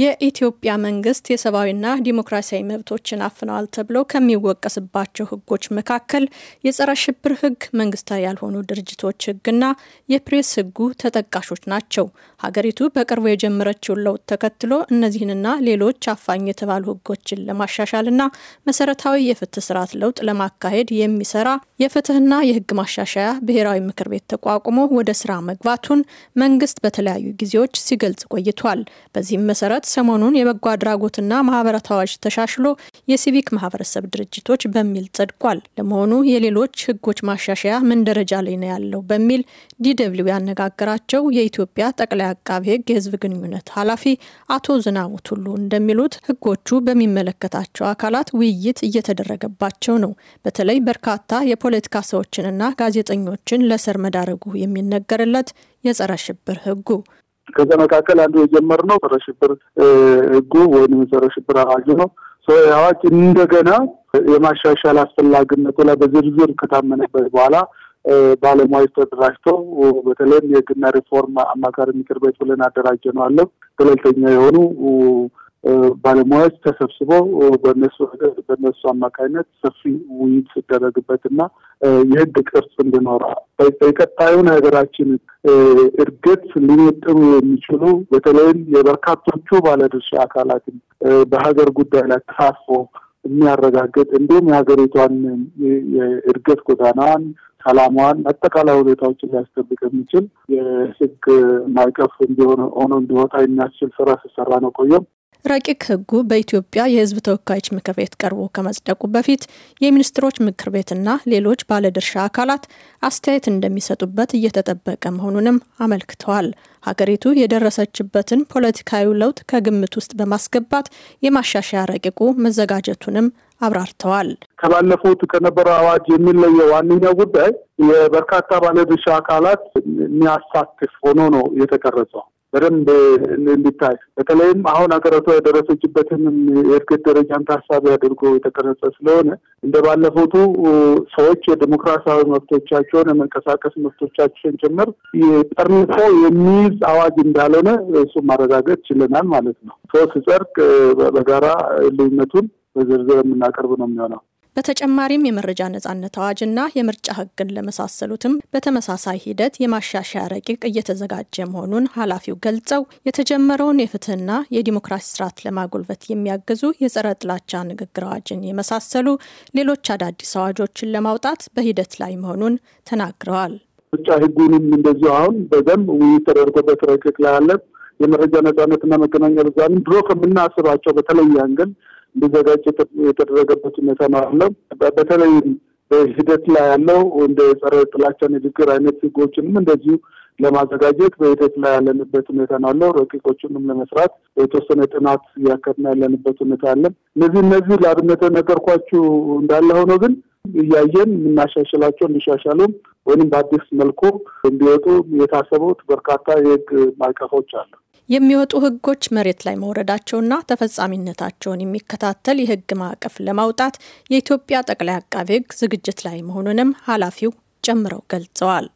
የኢትዮጵያ መንግስት የሰብአዊና ዲሞክራሲያዊ መብቶችን አፍነዋል ተብሎ ከሚወቀስባቸው ህጎች መካከል የጸረ ሽብር ህግ፣ መንግስታዊ ያልሆኑ ድርጅቶች ህግና የፕሬስ ህጉ ተጠቃሾች ናቸው። ሀገሪቱ በቅርቡ የጀመረችውን ለውጥ ተከትሎ እነዚህንና ሌሎች አፋኝ የተባሉ ህጎችን ለማሻሻልና መሰረታዊ የፍትህ ስርዓት ለውጥ ለማካሄድ የሚሰራ የፍትህና የህግ ማሻሻያ ብሔራዊ ምክር ቤት ተቋቁሞ ወደ ስራ መግባቱን መንግስት በተለያዩ ጊዜዎች ሲገልጽ ቆይቷል። በዚህም መሰረት ህወሓት ሰሞኑን የበጎ አድራጎትና ማህበረ አዋጅ ተሻሽሎ የሲቪክ ማህበረሰብ ድርጅቶች በሚል ጸድቋል። ለመሆኑ የሌሎች ህጎች ማሻሻያ ምን ደረጃ ላይ ነው ያለው? በሚል ዲደብሊው ያነጋገራቸው የኢትዮጵያ ጠቅላይ አቃቤ ህግ የህዝብ ግንኙነት ኃላፊ አቶ ዝናቡ ቱሉ እንደሚሉት ህጎቹ በሚመለከታቸው አካላት ውይይት እየተደረገባቸው ነው። በተለይ በርካታ የፖለቲካ ሰዎችንና ጋዜጠኞችን ለሰር መዳረጉ የሚነገርለት የጸረ ሽብር ህጉ ከዛ መካከል አንዱ የጀመርነው ጸረ ሽብር ህጉ ወይም ጸረ ሽብር አዋጁ ነው። አዋጅ እንደገና የማሻሻል አስፈላጊነቱ ላይ በዝርዝር ከታመነበት በኋላ ባለሙያዎች ተደራጅቶ በተለይም የህግና ሪፎርም አማካሪ ምክር ቤት ብለን አደራጀ ነው አለው ገለልተኛ የሆኑ ባለሙያዎች ተሰብስበው በነሱ በነሱ አማካኝነት ሰፊ ውይይት ሲደረግበት እና የህግ ቅርጽ እንዲኖራ በቀጣዩን ሀገራችን እድገት ሊመጥሩ የሚችሉ በተለይም የበርካቶቹ ባለድርሻ አካላትን በሀገር ጉዳይ ላይ ተሳትፎ የሚያረጋግጥ እንዲሁም የሀገሪቷን የእድገት ጎዳናዋን፣ ሰላሟን፣ አጠቃላይ ሁኔታዎችን ሊያስጠብቅ የሚችል የህግ ማዕቀፍ ሆኖ እንዲወጣ የሚያስችል ስራ ሲሰራ ነው ቆየም ረቂቅ ህጉ በኢትዮጵያ የህዝብ ተወካዮች ምክር ቤት ቀርቦ ከመጽደቁ በፊት የሚኒስትሮች ምክር ቤትና ሌሎች ባለድርሻ አካላት አስተያየት እንደሚሰጡበት እየተጠበቀ መሆኑንም አመልክተዋል። ሀገሪቱ የደረሰችበትን ፖለቲካዊ ለውጥ ከግምት ውስጥ በማስገባት የማሻሻያ ረቂቁ መዘጋጀቱንም አብራርተዋል። ከባለፉት ከነበረው አዋጅ የሚለየው ዋነኛው ጉዳይ የበርካታ ባለድርሻ አካላት የሚያሳትፍ ሆኖ ነው የተቀረጸው። በደንብ እንዲታይ በተለይም አሁን ሀገሪቷ የደረሰችበትን የእድገት ደረጃን ታሳቢ አድርጎ የተቀረጸ ስለሆነ እንደ ባለፉቱ ሰዎች የዲሞክራሲያዊ መብቶቻቸውን የመንቀሳቀስ መብቶቻቸውን ጭምር ጠርንፎ የሚይዝ አዋጅ እንዳልሆነ እሱ ማረጋገጥ ችለናል ማለት ነው። ሶስት ጸርቅ በጋራ ልዩነቱን በዝርዝር የምናቀርብ ነው የሚሆነው። በተጨማሪም የመረጃ ነጻነት አዋጅ አዋጅና የምርጫ ህግን ለመሳሰሉትም በተመሳሳይ ሂደት የማሻሻያ ረቂቅ እየተዘጋጀ መሆኑን ኃላፊው ገልጸው የተጀመረውን የፍትህና የዲሞክራሲ ስርዓት ለማጎልበት የሚያግዙ የጸረ ጥላቻ ንግግር አዋጅን የመሳሰሉ ሌሎች አዳዲስ አዋጆችን ለማውጣት በሂደት ላይ መሆኑን ተናግረዋል። ምርጫ ህጉንም እንደዚሁ አሁን በደንብ ውይይት ተደርጎበት ረቂቅ ላይ አለ። የመረጃ ነጻነትና መገናኛ ብዙኃንን ድሮ ከምናስባቸው በተለየ አንግል እንዲዘጋጅ የተደረገበት ሁኔታ ማለት ነው። በተለይም በሂደት ላይ ያለው እንደ ጸረ ጥላቻ ንግግር አይነት ህጎችንም እንደዚሁ ለማዘጋጀት በሂደት ላይ ያለንበት ሁኔታ ነው አለው። ረቂቆችንም ለመስራት የተወሰነ ጥናት እያከድና ያለንበት ሁኔታ አለን። እነዚህ እነዚህ ለአብነት ነገርኳችሁ እንዳለ ሆኖ ግን እያየን የምናሻሽላቸው እንዲሻሻሉም ወይም በአዲስ መልኩ እንዲወጡ የታሰቡት በርካታ የህግ ማዕቀፎች አሉ። የሚወጡ ህጎች መሬት ላይ መውረዳቸውና ተፈጻሚነታቸውን የሚከታተል የህግ ማዕቀፍ ለማውጣት የኢትዮጵያ ጠቅላይ አቃቤ ህግ ዝግጅት ላይ መሆኑንም ኃላፊው ጨምረው ገልጸዋል።